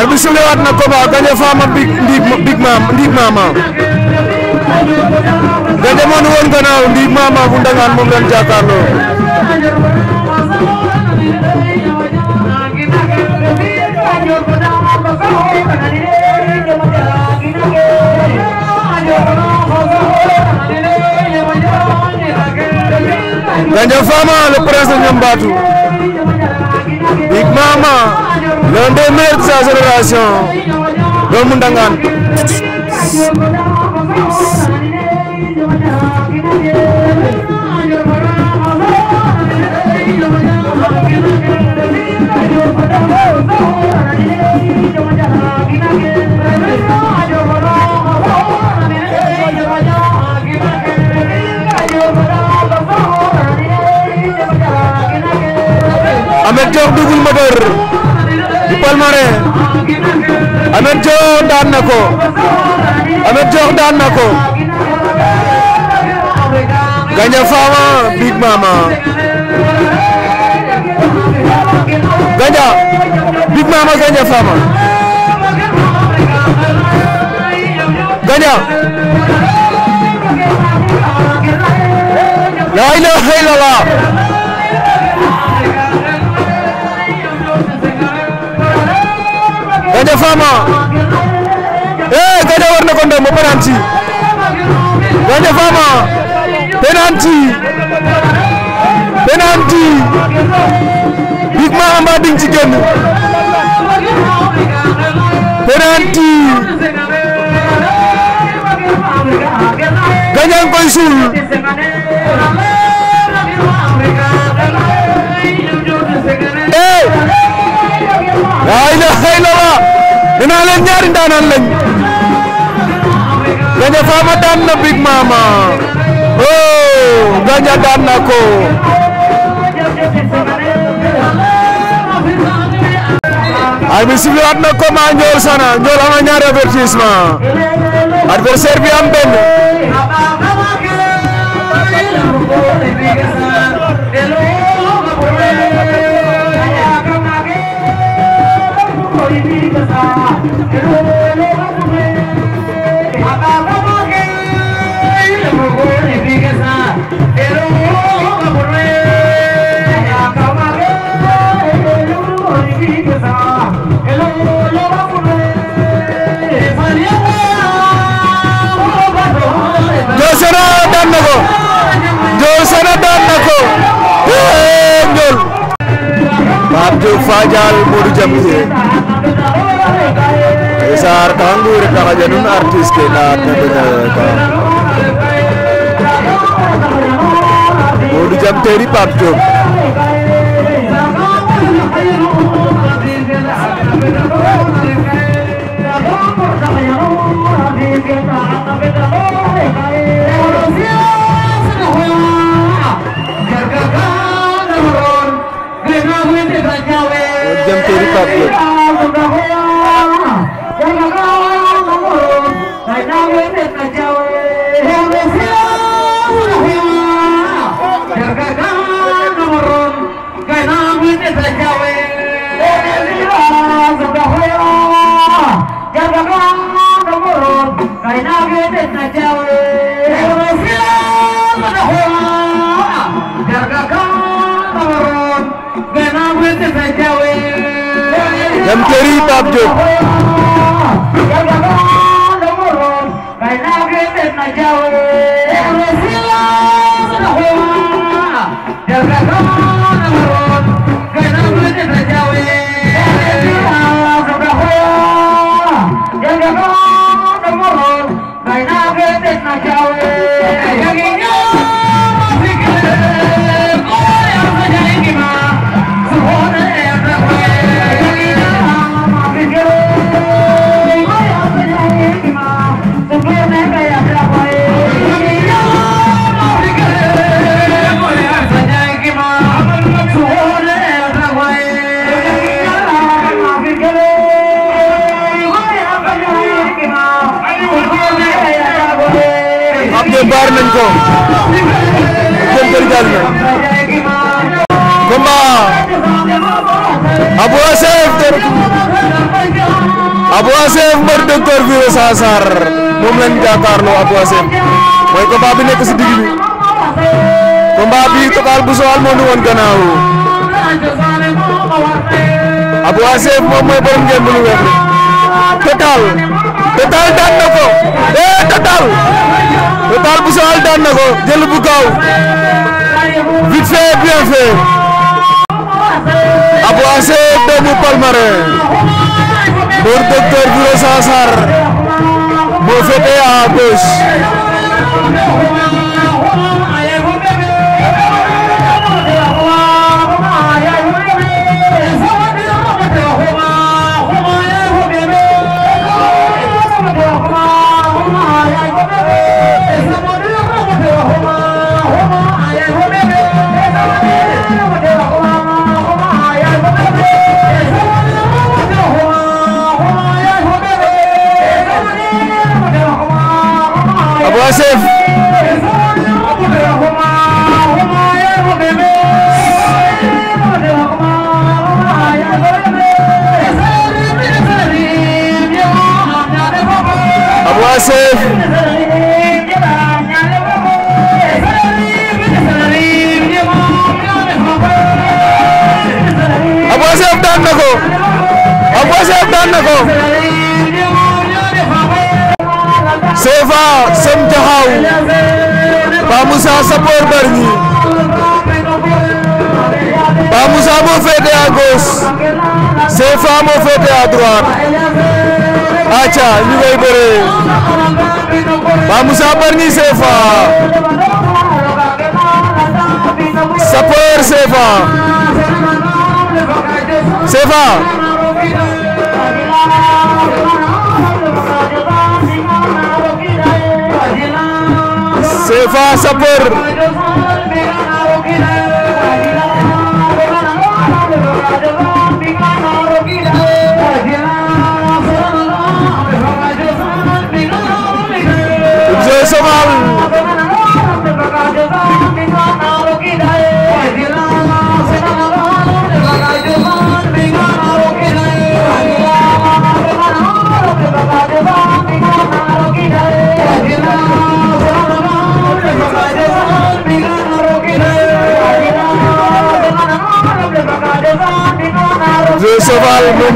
arbi sule wat na combat gagné fama big big mam ndib mama da demone won gannaaw ndib mama bu ndangaan mom lan jakarlo Ganja Fama, le prince de Nyambatu. Big Mama, l'un des meilleurs de sa génération doomu Ndangaan Amet Diop Amet Diop daan na ko Amet Diop daan na ko Gandia Fama Big Mama Gandia Big Mama Gandia Fama Gandia la ilaha illallah Fama eh Gandia na ko ndomb penalty Gandia Big Mama mbaa di nga ci génn penalty Gandia nga koy dinaa leen ñaari ndaanaan lañ Gandia Fama daan na Big Mama oh Gandia daan na ko ay bi waat na ko ma Ndiol Sana Ndiol am na ñaari avertissement adversaire bi Pape Diop Fadial Modou Jampier e sar kangur kaxaƴa nuun artiste ke na teɓeñayo ka Modou Jam teeri Pape Diop Thank you. Republic. dem Thierry Pape Diop Moussa Sarr moom lañ jàkkaarloo ak waa seen mooy combat bi nekk si digg bi combat bi Total bu Joal moo ñu woon gannaaw Abou Assef moom mooy borom ngeen bu lu weex Total Total daan na ko eh Total Total bu Joal daan na ko jël bu gaaw vite fait bien fait Abou Assef doomu Palmarin Mor docteur Giro Sassar Movedeados. Vamos Bargny Pape Moussa moo féete à gauche CFA a féete à droite Vamos ñu ngay bëree Pape Moussa Bargny se faça por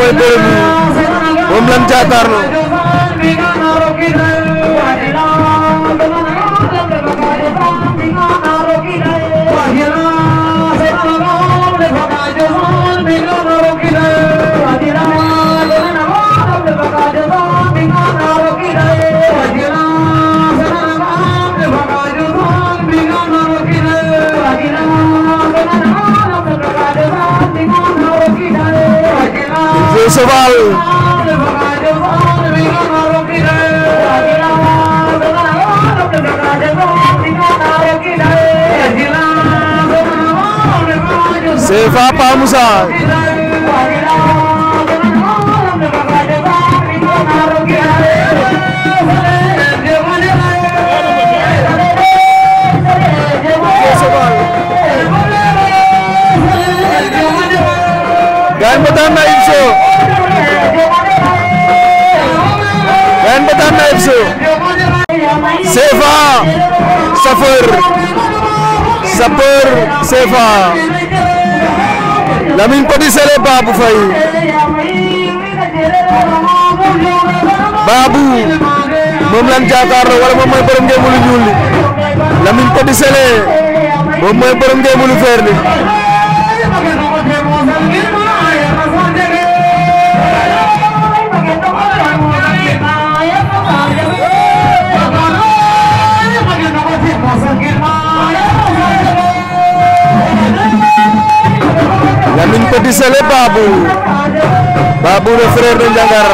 mooy bërëb moom lan jàkkaarloo cheval CFA Pa Moussa Gane ba daan na Ibou Sow benn Bétamba FC CFA Sapeur Sapeur CFA Lamine Petit Sélé Babou Faye Babou moom lan jàkkaarloo wala moom mooy borom ngeen mulu ñuul li Lamine Petit Sélé moom mooy borom ngeen mulu feer li Lamine Petit Sélé Babou Babou le frère de Ndiangar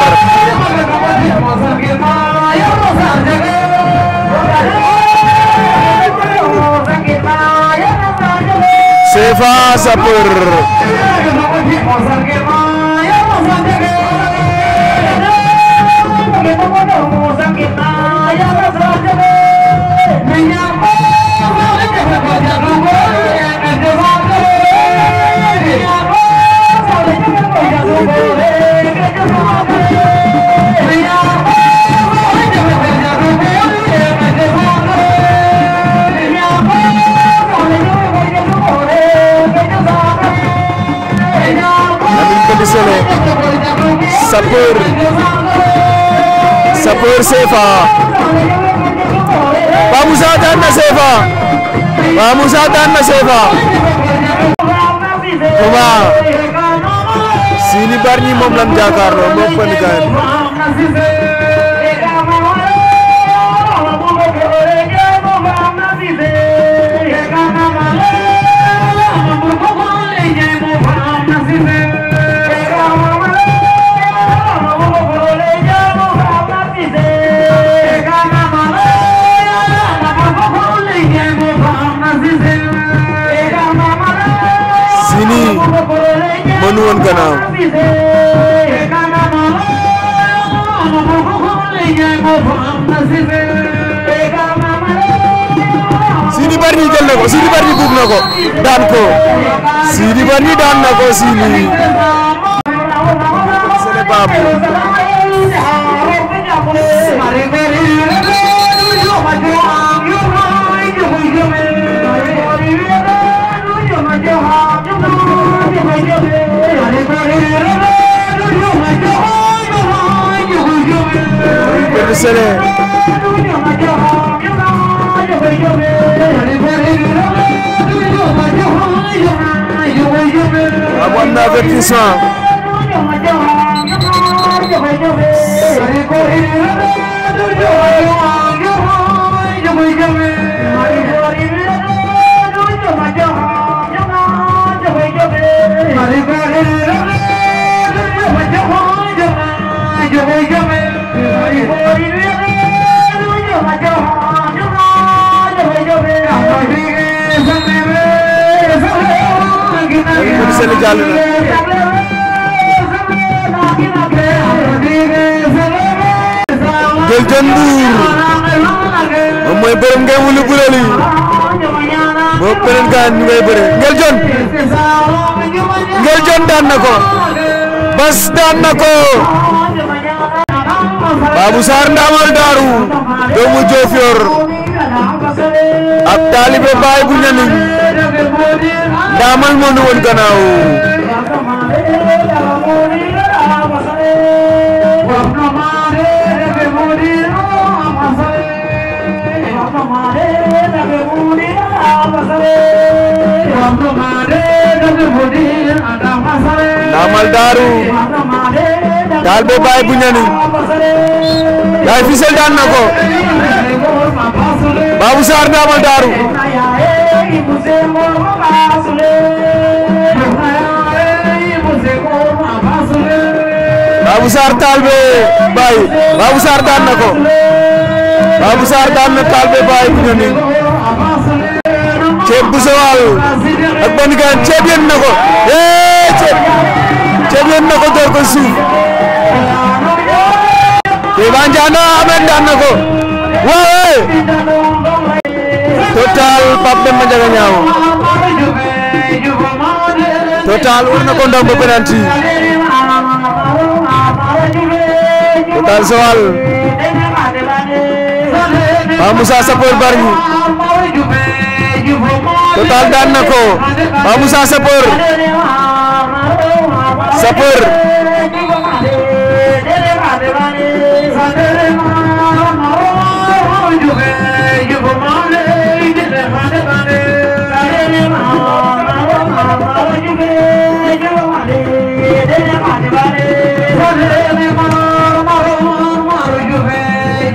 CFA Sapeur sapeur sapeur CFA Paa Moussa daan na CFA Paa Moussa daan na CFA Kuma Siny Bargny moom lan jàkkaarloo moom fan gaay nu woon gannaaw Sidi Bargny jël na ko Sidi Bargny buub na daan ko Sidi sele amoon na avertissement Sène jàll na Gueldiane Ndour moom mooy borom ngay wulu burali moo beneen gaan ñu ngay bëre Gueldiane Gueldiane daan na ko bas daan na ko Babou Sarr ndaamal daaru doomu Diofior ab taalibe baay bu ñaniñ ndaamal moo nu woon gannaaw ndaamal daaru daal boo baay bu ñani yaay fisel daan na ko Babou Sarr ndaamal daaru Babou Sarr Talibé Baye Babou Sarr daan na ko Babou Sarr daan na Talibé Baye bu ceeb bu sowal ak benn ceeb yéen ko eh ceeb ceeb ko door ko suuf te Iba Ndiana ko waaw Total Pape Demba Ndiaga Niang Total war na ko ndombo penalty Total Joal Pape Moussa Sapeur Bargny Total daan ko Pape Moussa Sapeur Sapeur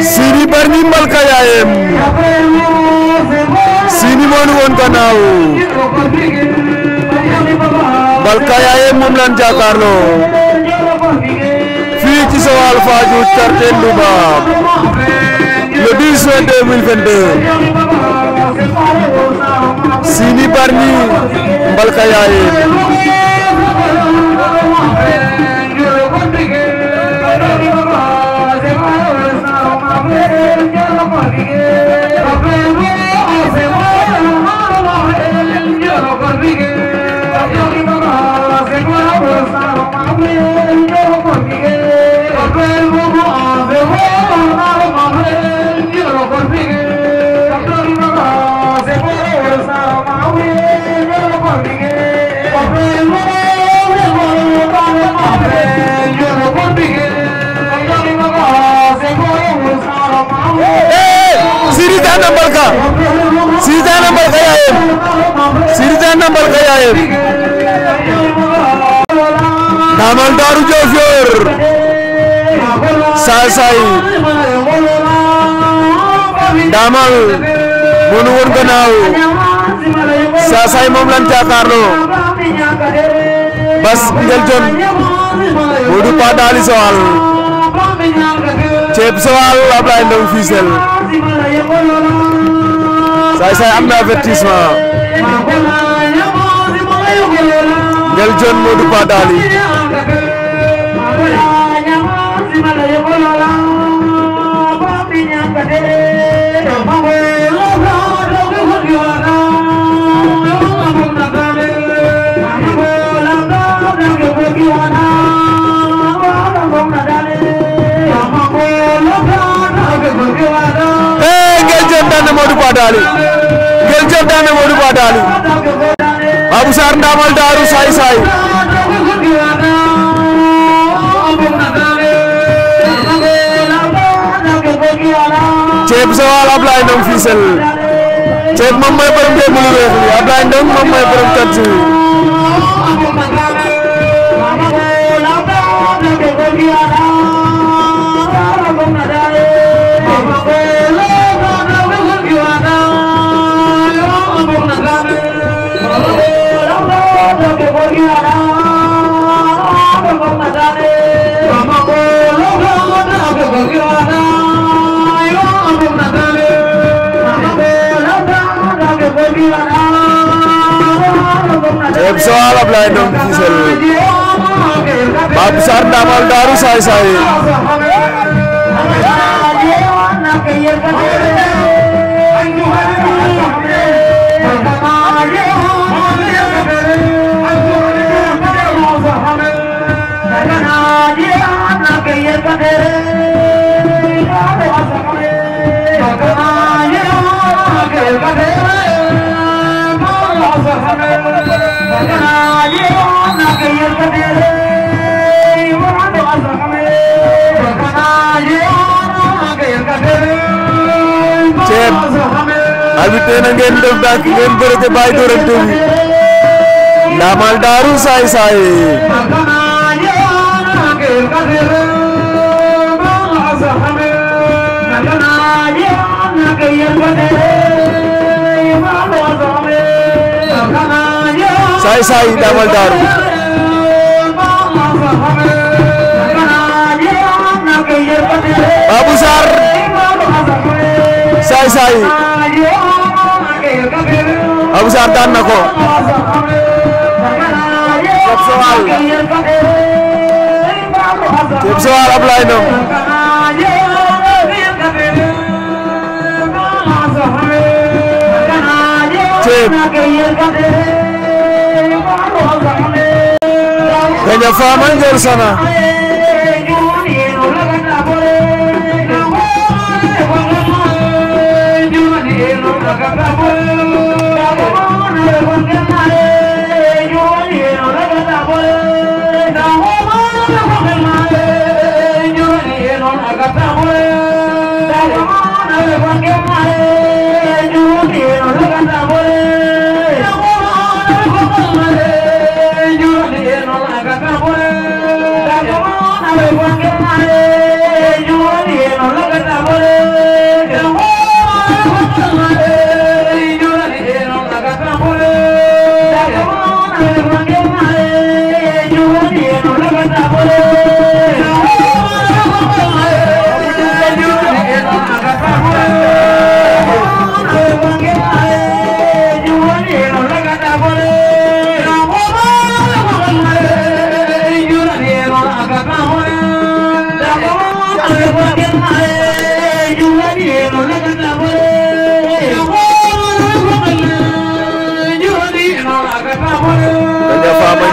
Sidy Bargny Mbalka yaayem Sidy moo nu woon Mbalka yaayem moom lan jàkkaarloo fii ci Joal Fadiouth Cartel Louba le 10 juin 2022 Sidy Bargny Mbalka yaayem Siritana Mbarka Siritana Mbarka yaayem Siritana Mbarka yaayem Ndamal Daaru Diofior saay saay Ndamal mënu woon gannaaw saay saay moom lan jàkkaarloo Bass Ndieldione Modou Pa Daly ceeb Joal Ablaye Ndong Fissel saay saay am na avertissement Ndieldione Modou Pa Daly Daly Guel Diop daan na Modou Ba Daly Babou Sarr ndaamal daaru ceeb sa waal Ablaye Ndong fii sel ceeb moom mooy borom démb lu weex Ndong moom abit nee na ngeen def dànk ngeen bëre te bàyyi dóorante daaru saay saay saay daaru Babou Sarr saay saay Abouchar daan na ko Diop Joal Diop Joal Ablaye Ndong Diop Gandia Fama Ndiol Sana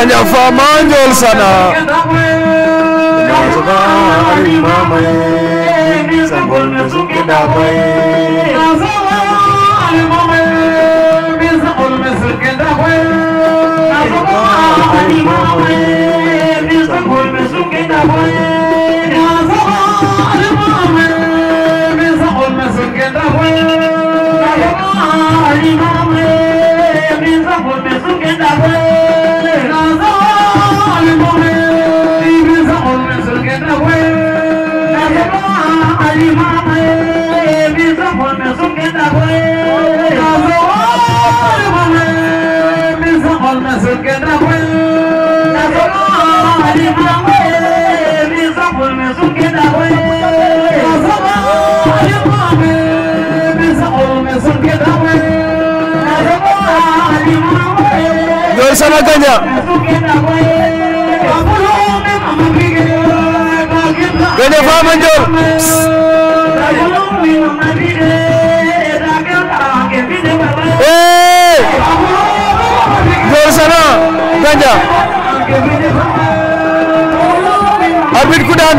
Kanya fama njol sana Nazwa ali Njool ee njool sana Ganja. Arbit Kudan.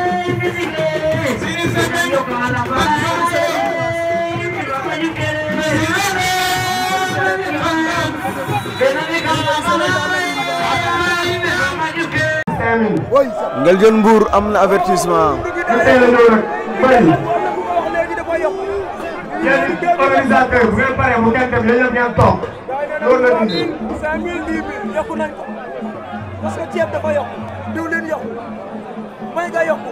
Ngueldiane Mbour am na avertissement. yéen organisateur bu ngeen paree bu ngeen dem yéen ñëpp ngeen toog loolu la dindi. cinq mille dix mille yokku nañ ko parce que ceeb dafa yokku diwlin yokku may ga yokku.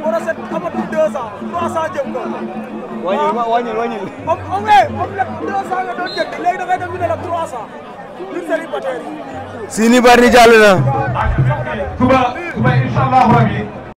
Brochette amatul deux cent trois cent jëm ko. wàññil wàññil wàññil. om om eh, nga doon jënd léegi dafay dem ñu la trois cent. ñun célibataire yi. Sini Bargny na. Suba suba incha rabi.